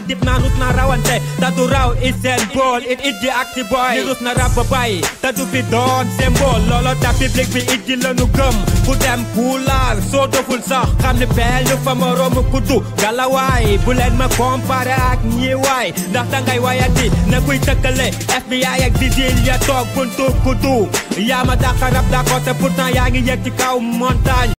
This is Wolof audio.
na dip na nut na rawante Tatu raw is ball It is the active boy Virus na rap bay Tatu fi doon symbol Lolo ta public bi it la nu gëm Ku dem puulaar soo doful sax Xam ni peel yu fa moroomu kuddu Galawaay way. leen ma comparé ak ñi waay Ndax dangay wayati na kuy tëkkale FBI ak Digil ya toog buntu kuddu Yaa ma dàqa rap d'accord te pourtant yaa ngi yëg ci kaw montagne